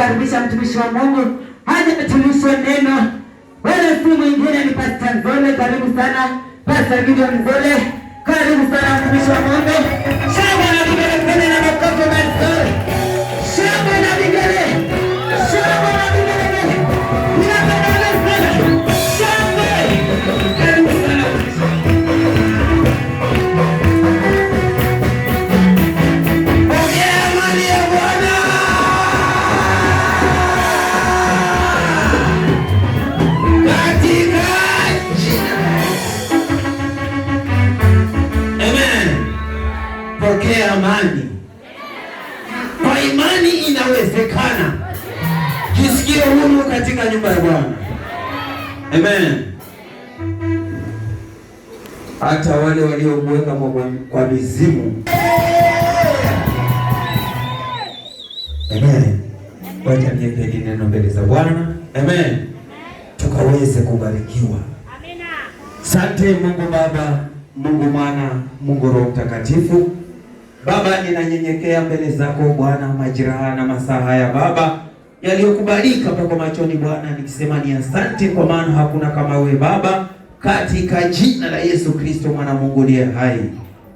kumkaribisha mtumishi wa Mungu haja atulishe neno. Wewe si mwingine ni Pastor Zole. karibu sana Pastor Gideon Zole, karibu sana mtumishi wa Mungu. Shangwe na katika nyumba ya Bwana. Amen. Hata wale waliomweka kwa mizimu. Amen. Wacha niweke hili neno mbele za Bwana. Amen. Tukaweze kubarikiwa. Amina. Asante Mungu Baba, Mungu Mwana, Mungu Roho Mtakatifu. Baba, ninanyenyekea mbele zako Bwana majira na masaa haya Baba yaliyokubalika kwa machoni Bwana, nikisema ni asante, kwa maana hakuna kama wewe Baba, katika jina la Yesu Kristo mwana Mungu aliye hai.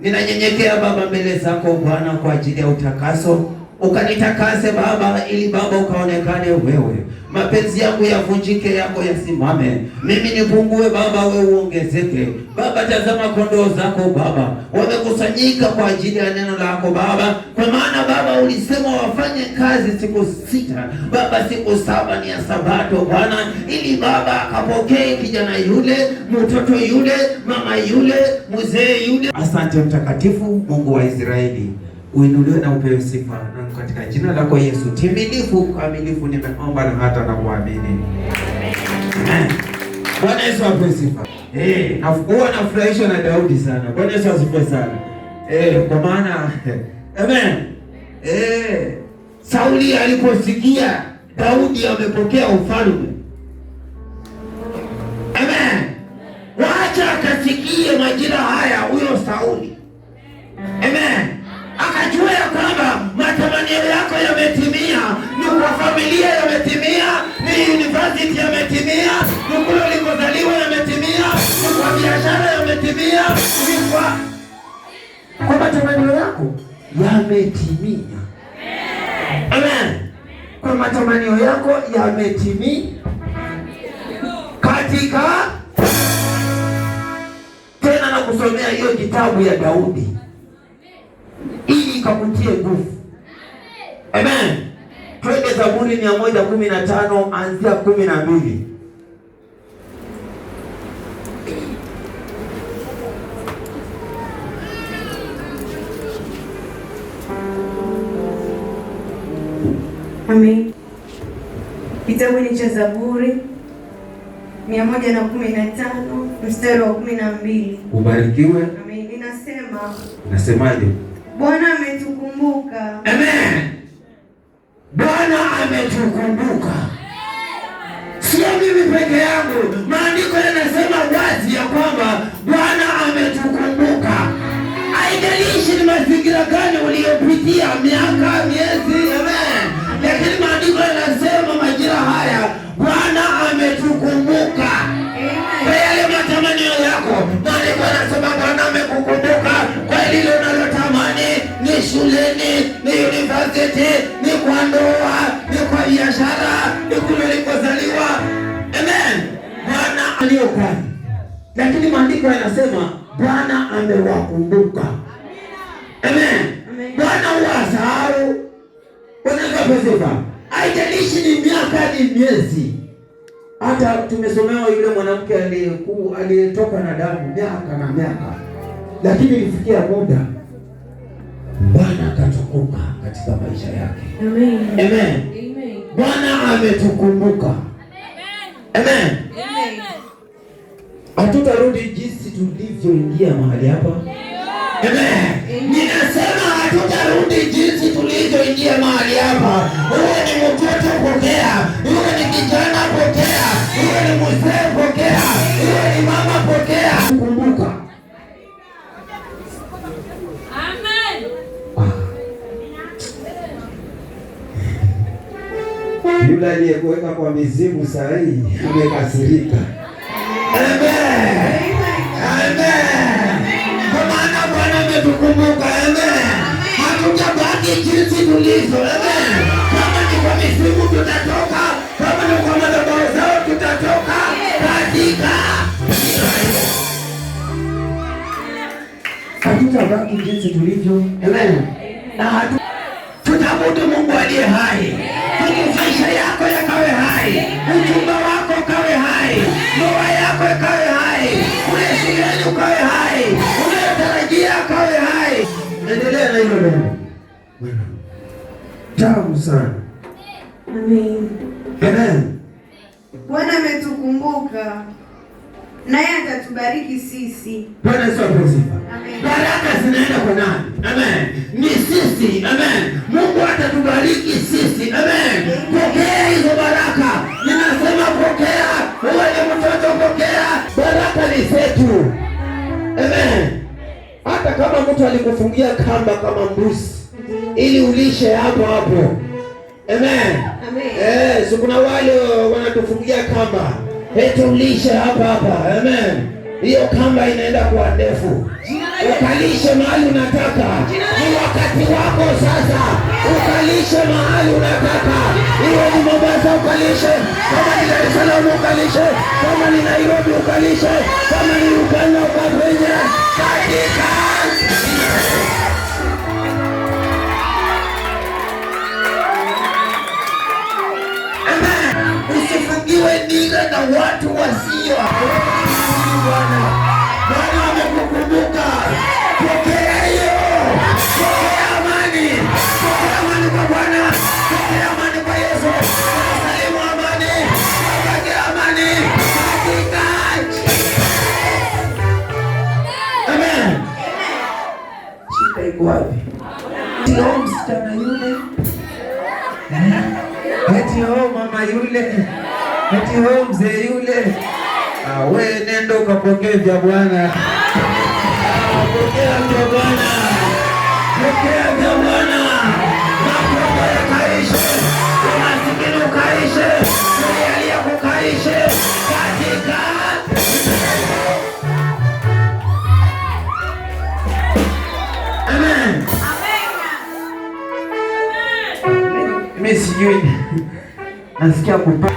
Ninanyenyekea Baba mbele zako Bwana kwa ajili ya utakaso ukanitakase Baba, ili Baba ukaonekane wewe. Mapenzi yangu yavunjike, yako yasimame, mimi nipungue Baba, wewe uongezeke Baba. Tazama kondoo zako Baba, wamekusanyika kwa ajili ya neno lako Baba, kwa maana Baba ulisema wafanye kazi siku sita Baba, siku saba ni ya Sabato Bwana, ili Baba akapokee kijana yule, mtoto yule, mama yule, mzee yule. Asante Mtakatifu Mungu wa Israeli uinuliwe na upewe sifa katika jina lako Yesu timilifu kamilifu, nimeomba na hata na kuamini. Bwana Yesu apewe sifa. Eh, nafukuwa nafurahishwa na Daudi sana. Bwana Yesu asifiwe sana. Eh, kwa maana Amen. Eh, Sauli aliposikia Daudi amepokea ufalme. Amen. Wacha akasikie majira haya huyo Sauli. Amen akajua ya kwamba matamanio yako yametimia, ni kwa familia yametimia, ni university yametimia, ni kule ulikozaliwa yametimia, ni kwa biashara yametimia, ni kwa kwa matamanio yako yametimia. Amen, kwa matamanio yako yametimia katika tena na kusomea hiyo kitabu ya Daudi ili ikakutie nguvu. Amen. Twende Zaburi mia moja kumi na tano anzia kumi na mbili. Amen. Kitabu ni cha Zaburi mia moja na kumi na tano mstari wa kumi na mbili. Ubarikiwe. Amen. Inasema. Nasemaje? Bwana ametukumbuka. Amen. Bwana ametukumbuka. Sio mimi peke yangu. Maandiko yanasema wazi ya kwamba Bwana ametukumbuka. Haijalishi ni mazingira gani uliyopitia, miaka, miezi, amen. Lakini maandiko yanasema majira haya Bwana ametukumbuka. Kwa yale matamanio yako, maandiko yanasema Bwana amekukumbuka kwa lile unalo ni shuleni, ni university, ni kwa ndoa, ni kwa biashara, ni kule ulikozaliwa. Amen. Bwana aliokuwa, lakini maandiko yanasema Bwana amewakumbuka. Amen. Bwana huwasahau. Unaweza haijalishi ni miaka ni miezi hata tumesomewa yule mwanamke aliyetoka na damu miaka na miaka, lakini ilifikia muda Bwana akatukumbuka katika maisha yake. Amen. Amen. Amen. Bwana ametukumbuka. Amen. Amen. Amen. Hatutarudi jinsi tulivyoingia mahali hapa. Amen. Ninasema hatutarudi jinsi tulivyoingia mahali hapa. Uwe ni mtoto pokea, uwe ni kijana pokea, uwe ni mzee pokea, uwe ni mama Yule aliyekuweka kwa mizimu saa hii amekasirika. Amen. Amen. Kwa maana Bwana ametukumbuka. Amen. Hatutabaki jinsi tulivyo. Amen. Kama ni kwa mizimu tutatoka, kama ni kwa madhabahu zao tutatoka katika hatutabaki jinsi tulivyo. Amen. Na hatu tutamudu Mungu aliye hai ili maisha yako yakawe hai, uchumba wako kawe hai, ndoa yako ikawe hai, ule ukawe hai, unayotarajia kawe hai. Endelea na hilo neno tamu sana. Amen. Bwana ametukumbuka naye atatubariki sisi. Bwana Yesu asifiwe. Baraka zinaenda kwa nani? Amen. Ni sisi. Amen. Mungu atatubariki sisi. Amen. yetu. Amen. Hata kama mtu alikufungia kamba kama mbuzi ili ulishe hapo hapo. Amen. Eh, sikuna wale wanatufungia kamba eti ulishe hapa hapa. Amen hiyo kamba inaenda kuwa ndefu, ukalishe mahali unataka. Ni wakati wako sasa, ukalishe mahali unataka, iwe ni Mombasa ukalishe, kama ni Dar es Salaam ukalishe, kama ni Nairobi ukalishe, kama ni Uganda ukapenya katika usifungiwe dira na watu wasio Makofi vya Bwana. Pokea vya Bwana. Pokea vya Bwana. Makofi yakaishe. Umasikini ukaishe. Yaliya kukaishe. Katika Amen. Amen. Mimi sijui. Nasikia kupaa.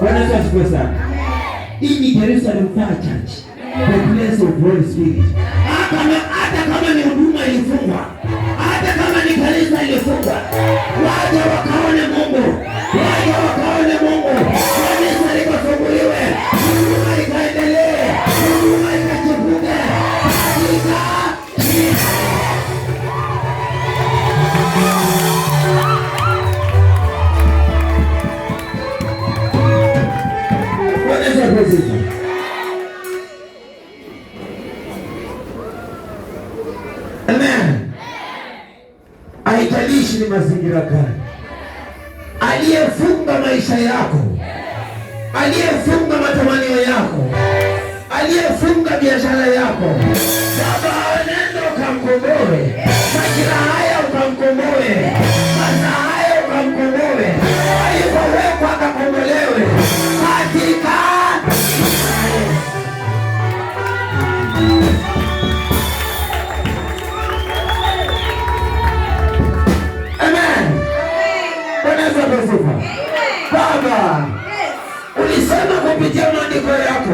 Bwana asifiwe sana. Hii Jerusalem Fire Church, the place of Holy Spirit. Hata kama ni huduma ilifungwa, hata kama ni kanisa ilifungwa, waje wakaone Mungu, waje wakaone mazingira gani? Aliyefunga maisha yako, aliyefunga matamanio yako, aliyefunga biashara yako, Baba nenda ukamkomboe majira haya, ukamkomboe masa haya, ukamkomboe alipowekwa akakombolewe katika mbele yako.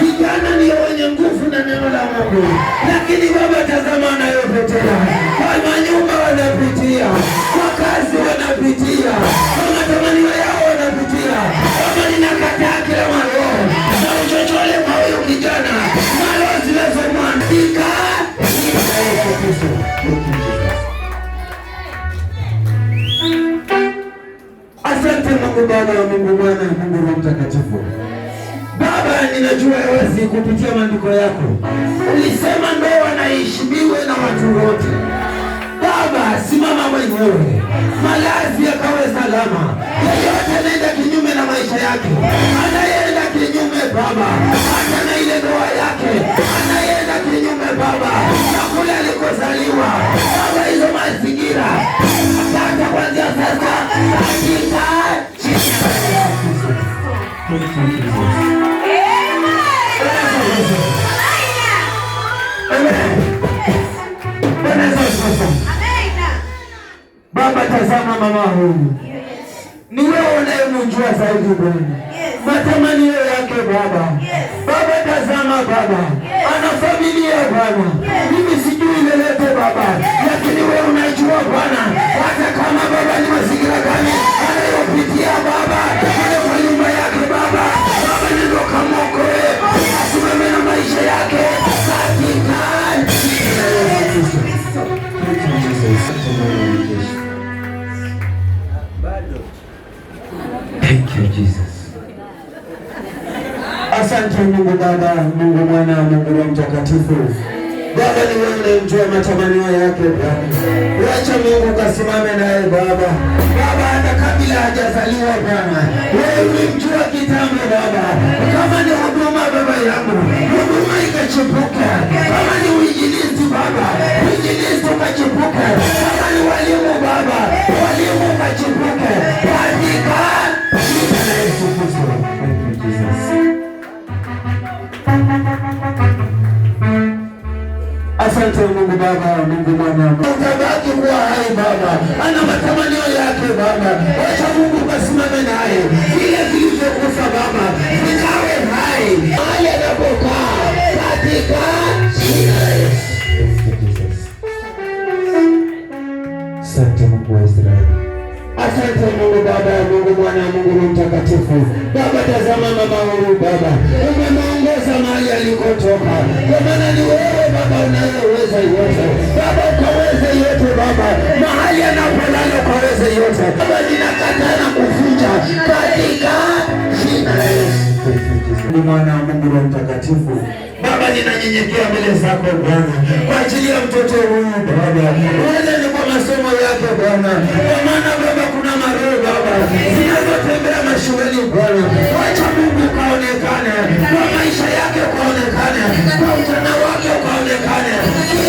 Vijana ndio wenye nguvu na neno la Mungu, lakini baba, tazama anayopitia kwa manyumba wanapitia, kwa kazi wanapitia, kwa matamanio yao wanapitia. Baba, ninakataa kila maroho na uchochole kwa huyo kijana, maroho zilizomwandika Asante Mungu Baba, Mungu Mwana, Mungu Mtakatifu ninajua hawezi kupitia maandiko yako. Ulisema ndoa naheshimiwe na watu wote. Baba, simama mwenyewe, malazi yakawe salama. Yeyote anaenda kinyume na maisha yake, anayeenda kinyume Baba hata na ile ndoa yake, anayeenda kinyume Baba na kule alikozaliwa Baba, hizo mazingira tata, kwanzia sasa katika Baba, tazama mama huyu, ni wewe unayemjua zaidi Bwana, matamanio yake Baba. Baba, tazama Baba, ana familia Bwana, mimi sijui lolote Baba, lakini wewe unajua Bwana, hata kama Baba ni mazingira gani anayopitia Baba maisha yake Asante Mungu Baba, Mungu Mwana, Mungu Roho Mtakatifu. Baba, ni wewe unayemjua matamanio yake Baba. Wacha Mungu kasimame naye Baba. Baba, hata kabla hajazaliwa Bwana, wewe ulimjua kitambo Baba, kama ni huduma umechipuka, kama ni uinjilisti Baba, uinjilisti umechipuka, kama ni walimu Baba, walimu umechipuka, katika jina la Yesu Kristo. Asante Mungu Baba, Mungu Mwana, utabaki kuwa hai Baba, ana matamanio yake Baba, wacha katika jina Asante Mungu wa Israeli, asante Mungu Baba ya Mungu Mwana Mungu Roho Mtakatifu. Baba, tazama mama huyu Baba, umemwongoza mahali alikotoka, kwa maana ni wewe Baba unayeweza yote Baba, ukaweze yote Baba, mahali anapolala ukaweze yote Baba, ninakataa kufunja katika jina la Yesu. Mwana Mungu Roho Mtakatifu Baba, ninanyenyekea mbele zako Bwana kwa ajili ya mtoto huyu Baba, uende ni kwa masomo yake Bwana, kwa maana Baba kuna maroho Baba zinazotembea mashuleni Bwana, wacha Mungu kaonekane kwa maisha yake, kaonekane kwa utana wake, kaonekane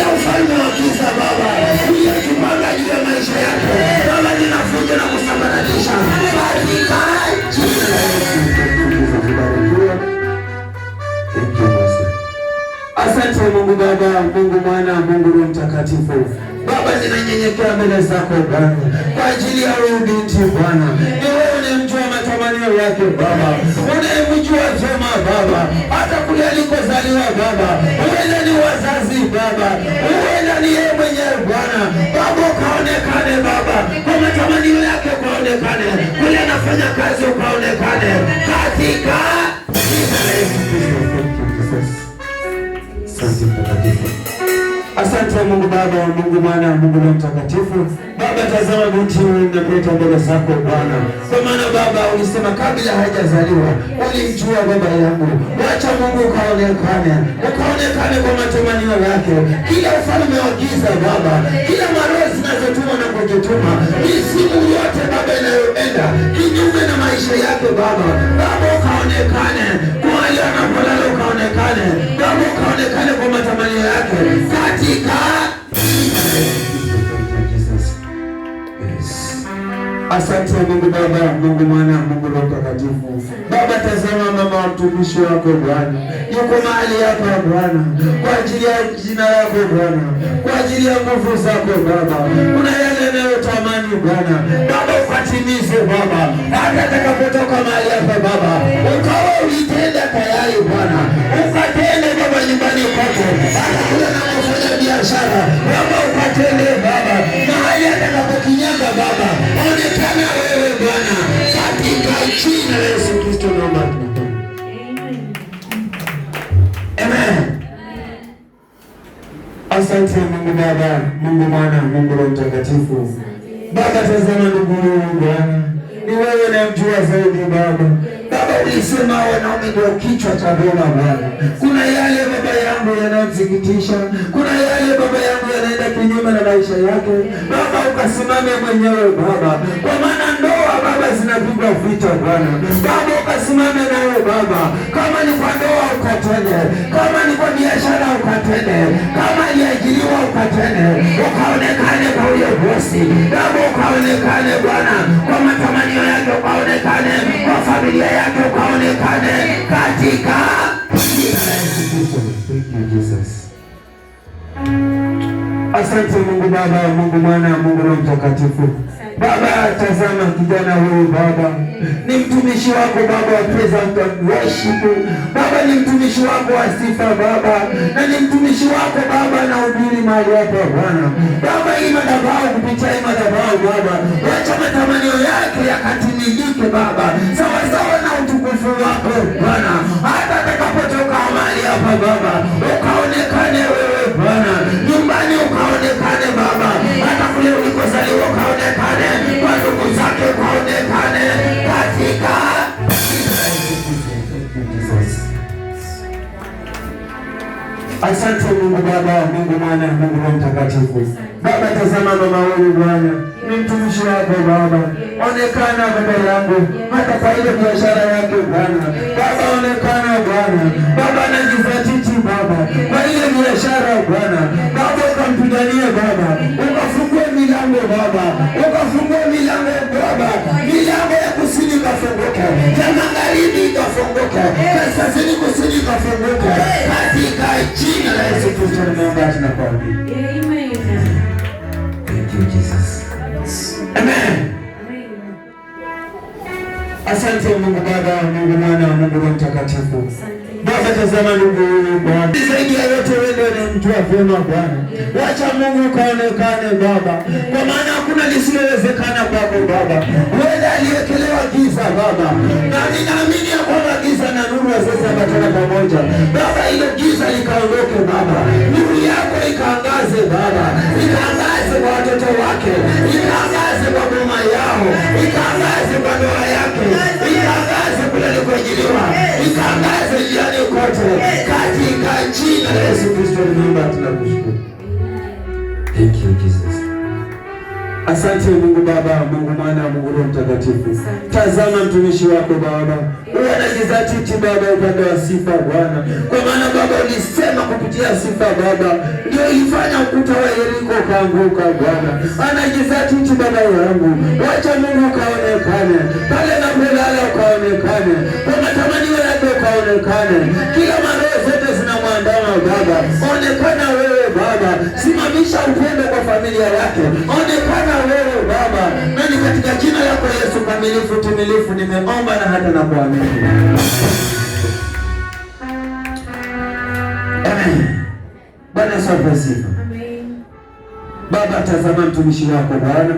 ya ufalme wa giza Baba uliyojipanga juu ya maisha yake Baba, ninafunja na kusambaratisha katika jina la Yesu. Asante Mungu Baba, Mungu Mwana, Mungu Roho Mtakatifu. Baba, ninanyenyekea mbele zako Bwana kwa ajili ya huyu binti Bwana, ni wewe unayemjua matamanio yake Baba, unayemjua jema Baba, hata kule alikozaliwa Baba, huenda ni wazazi Baba, huenda ni yeye mwenyewe Bwana. Baba ukaonekane Baba, kwa matamanio yake ukaonekane, kule anafanya kazi ukaonekane, katika jina la Yesu Kristo. Fransi Mtakatifu. Asante Mungu Baba wa Mungu Mwana wa Mungu na Mtakatifu. Baba, tazama binti huyu nakuleta mbele zako Bwana, kwa maana Baba ulisema kabla haijazaliwa ulimjua Baba yangu. Wacha Mungu ukaonekane, ukaonekane kwa matamanio yake, kila ufalme wa giza Baba, kila anachotuma na kuchotuma, hii siku yote Baba inayoenda kinyume na maisha yake Baba, Baba ukaonekane mahali anapolala, ukaonekane Baba, ukaonekane kwa matamanio yake katika Asante Mungu Baba, Mungu Mwana, Mungu Roho Mtakatifu. Tazama mama wa mtumishi wako Bwana, yuko mahali hapa Bwana, kwa ajili ya jina lako Bwana, kwa ajili ya nguvu zako Baba. Kuna yale nayotamani Bwana, Baba ukatimize Baba, hata atakapotoka mahali hapa Baba, ukawa ulitenda tayari Bwana, ukatende Baba nyumbani kwako, hata kule biashara Baba ukatende Baba, mahali atakapokinyanga Baba, onekana wewe Bwana, katika jina la Yesu Kristo ambayo tunafanya. Amen. Asante Mungu Baba, Mungu Mwana, Mungu Roho Mtakatifu. Baba, tazama ndugu Bwana, ni wewe unayemjua zaidi Baba. Baba, ulisema wanaume ndio kichwa cha boma Bwana. Kuna yale baba yangu yanayomsikitisha, kuna yale baba yangu yanaenda kinyume na maisha yake ukasimame mwenyewe Baba, kwa maana ndoa Baba zinapigwa vita Bwana. Baba ukasimame nawe Baba, kama ni kwa ndoa ukatene kama ni kwa biashara ukatene, kama iliajiriwa ukatene ukaonekane kwa huyo bosi Baba, ukaonekane Bwana kwa matamanio yake, ukaonekane kwa familia yake, ukaonekane katika jina la Yesu Kristo. Thank you Jesus. Asante Mungu Baba, Mungu Mwana, Mungu Roho Mtakatifu. Baba, tazama kijana huyu Baba, ni mtumishi wako Baba wa praise and worship. Baba, ni mtumishi wako wa sifa Baba, na ni mtumishi wako Baba na ubiri mahali hapa Bwana. Baba, hii madhabahu, kupitia hii madhabahu Baba, wacha matamanio yake yakatimilike Baba, sawasawa na utukufu wako Bwana, hata atakapotoka mahali hapa Baba, ukaonekane wewe Bwana ukaonekane Baba, hata kule ulikozaliwa ukaonekane, kwa ndugu zake ukaonekane katika Asante Mungu Baba, Mungu Mwana, Mungu Roho Mtakatifu. Baba, tazama mama huyu Bwana, ni mtumishi wako Baba, onekana baba yangu, hata kwa ile biashara yake Bwana, Baba onekana Bwana, Baba anajizatia manabii Baba, kwa ile biashara Bwana Baba ukampiganie Baba, ukafungue milango Baba, ukafungue milango Baba, milango ya kusini ikafunguka, ya magharibi ikafunguka, kaskazini kusini ikafunguka, katika jina la Yesu Kristo nimeomba tunakuambia. Amen. Asante Mungu Baba, Mungu Mwana, Mungu Roho Mtakatifu. Baba, tazama ndugu Bwana, zaidi ya yote wewe ndio ni vyema Bwana. Wacha Mungu kaonekane Baba, kwa maana hakuna lisilowezekana kwako Baba. Wewe aliyekelewa giza Baba, na ninaamini ya kwamba giza na nuru wazazi watana pamoja Baba, hilo giza likaondoke Baba, nuru yako ikaangaze Baba, ikaangaze kwa watoto wake, ikaangaze kwa boma yao, ikaangaze kwa ndoa yake, ikaangaze kule alikojiliwa, ikaangaze Yesu aliimba, tunakushukuru. Thank you Jesus. Asante Mungu Baba, Mungu Mwana, Mungu Roho Mtakatifu. Tazama mtumishi wako Baba, uwe na kizatiti Baba upande wa sifa Bwana, kwa maana Baba ulisema kupitia sifa Baba ndio ifanya ukuta wa Yeriko ukaanguka Bwana. Ana kizatiti Baba yangu, wacha Mungu ukaonekane pale na napolala, ukaonekane kwa matamanio yake, ukaonekane kila mara unayoona ndani baba. Onekana wewe Baba, simamisha upendo kwa familia yake. Onekana wewe Baba, nani katika jina lako Yesu kamilifu timilifu, nimeomba na hata na Bwana sope sifa. Baba, tazama mtumishi wako Bwana,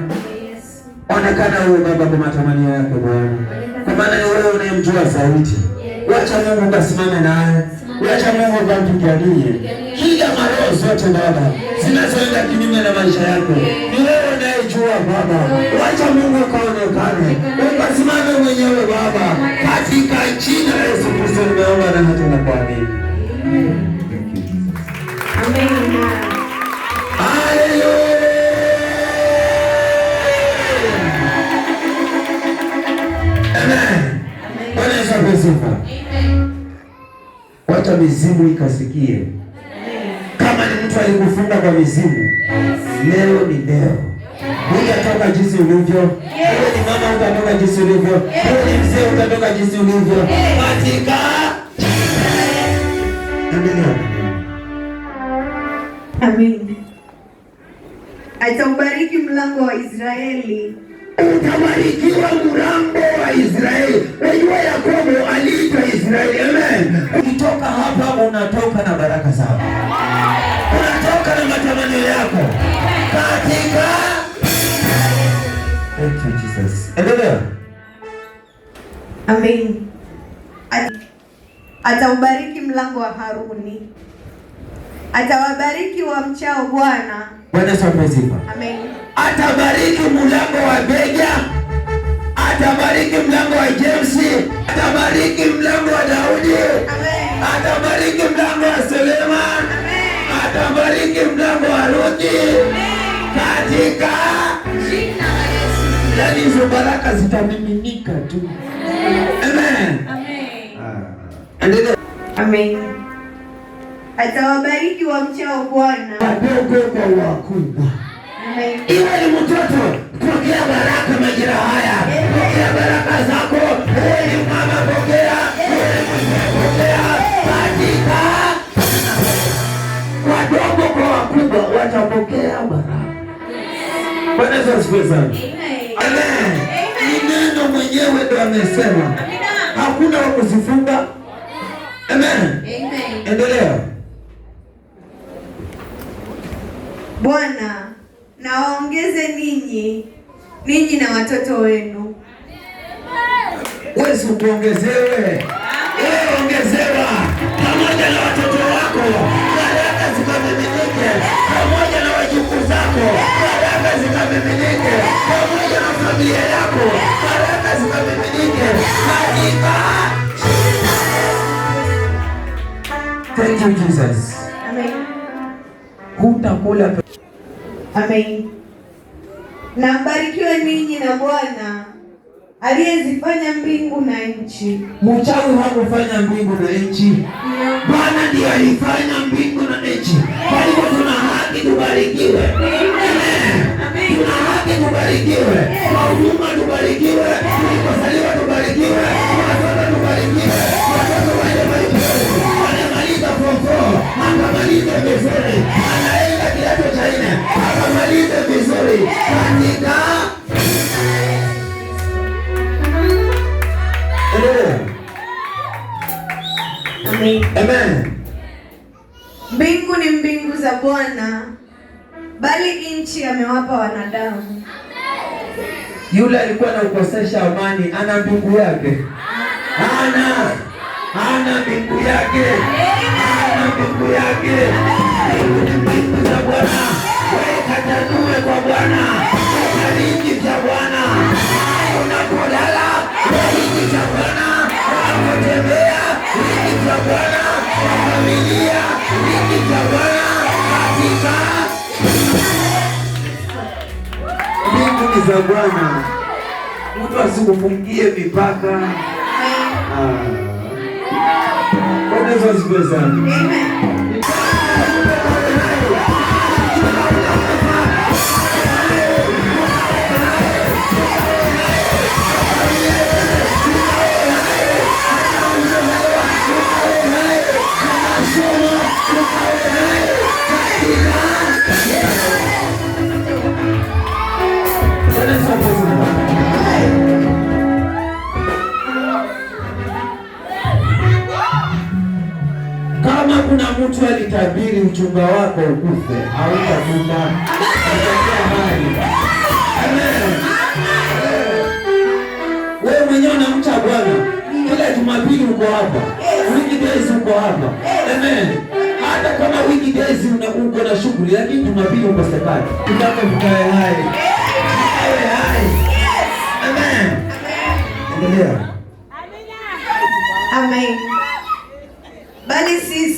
onekana wewe Baba kwa matamanio yake Bwana, kwa maana ni wewe unayemjua zaidi. Wacha Mungu kasimame naye Wacha Mungu akupiganie kila maroho zote Baba zinazoenda kinyume na maisha yako, ni wewe unayejua Baba. Wacha Mungu kaonekane ukasimame mwenyewe Baba, katika jina la Yesu Kristo nimeomba na hata nakuamini. Amen. Amen. Amen. Amen. Wacha mizimu ikasikie. Kama ni mtu alikufunga kwa mizimu, leo ni leo, utatoka jinsi ulivyo. Wewe ni mama, utatoka jinsi ulivyo. Wewe ni mzee, utatoka jinsi ulivyo katika Amen. mlango wa Israeli utabarikiwa mrambo wa Israeli. Najua Yakobo aliitwa Israeli. Amen. Ukitoka hapa unatoka na baraka zako, unatoka na matamanio yako katika. Thank you Jesus. Endelea. Amen. Ataubariki mlango wa Haruni Atawabariki wa mchao Bwana. Bwana asifiwe Amen. Atabariki mlango wa Bega, atabariki mlango wa James, atabariki mlango wa Daudi. Amen. Atabariki mlango wa Selema. Amen. Atabariki mlango wa Ruthi. Amen. Katika jina la Yesu. Yaani hizo baraka zitamiminika tu. Amen. Amen. Amen. Ah. Amen atawabariki wamchao Bwana, wadogo kwa wakubwa. Iwe ni mtoto, pokea baraka majira haya, pokea baraka zako. Wewe ni mama, pokea. Wewe ni mzee, pokea. Katika wadogo kwa wakubwa watapokea baraka. Bwana Yesu asifiwe sana. Amen. Ni neno mwenyewe ndo amesema, hakuna wa wakuzifunga. Amen. Endelea. Bwana na ninyi ninyi na watoto wenu. Yesu kuongezewe, wewe ongezewa pamoja na watoto wako, baraka zikamiminike pamoja na wajukuu zako, baraka zikamiminike pamoja na familia yako, baraka zikamiminike katika Thank you Jesus. Amen. Hutakula Amen. Na mbarikiwe ninyi na Bwana aliyezifanya mbingu na nchi. Mchawi hakufanya mbingu na nchi, Bwana ndiye alifanya mbingu na nchi. Kwa hivyo tuna haki tubarikiwe, Amen. tuna haki tubarikiwe, kwa huduma tubarikiwe, tulikosaliwa tubarikiwe, watoto tubarikiwe, watoto waje walipewe, wanamaliza fofo, angamalize vizuri alikuwa anamkosesha amani, ana mbingu yake, ana ana mbingu yake, ana mbingu yake. Mbingu ni mbingu za Bwana, kwa Bwana, ukaringi za Bwana, unapolala wingi za Bwana, unapotembea za Bwana, familia za Bwana mbingu ni za Bwana mtu asikufungie mipaka. Amen. Ah. Amen. kama kuna mtu alitabiri uchumba wako ukufe, hautakufa wewe mwenyewe unamcha Bwana. Kila Jumapili uko hapa, weekdays uko hapa, amen. Hata kama weekdays uko na shughuli, lakini Jumapili uko sekali, tutaka mkae hai, mkae hai, amen. Endelea, amen, amen. Bali sisi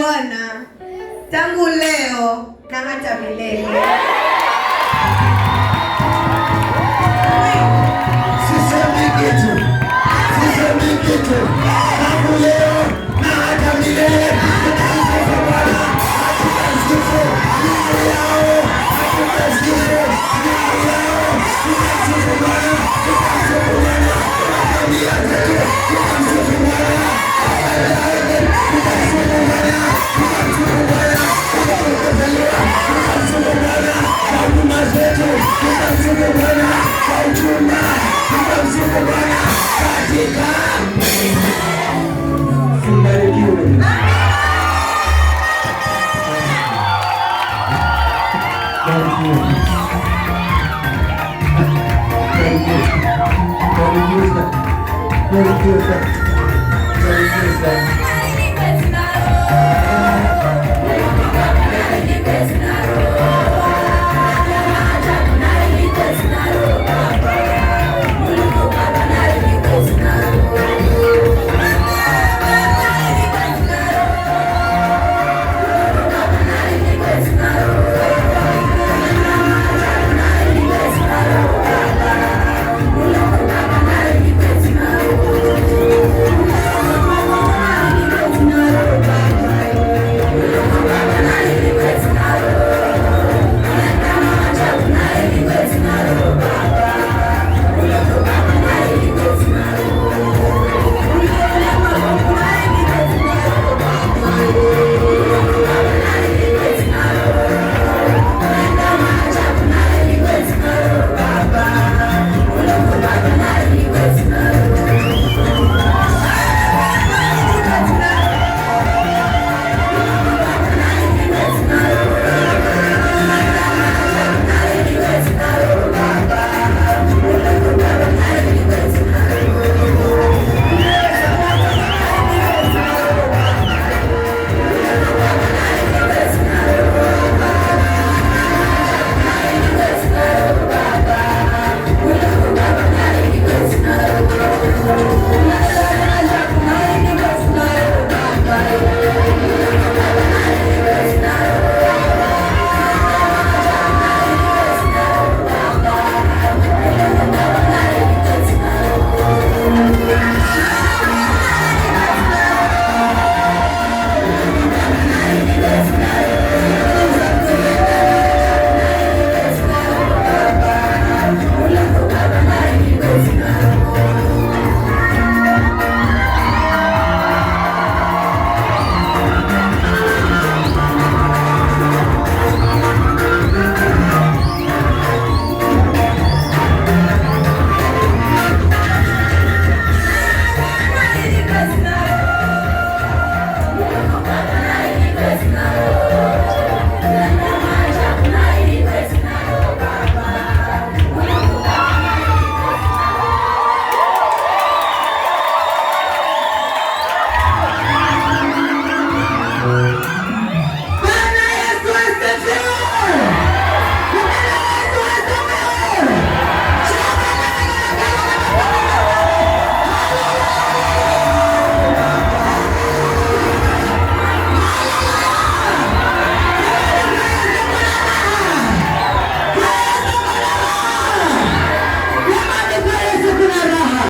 Bwana tangu leo na hata milele. Sisemi kitu, sisemi kitu, tangu leo na hata milele. Yeah.